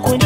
Gracias.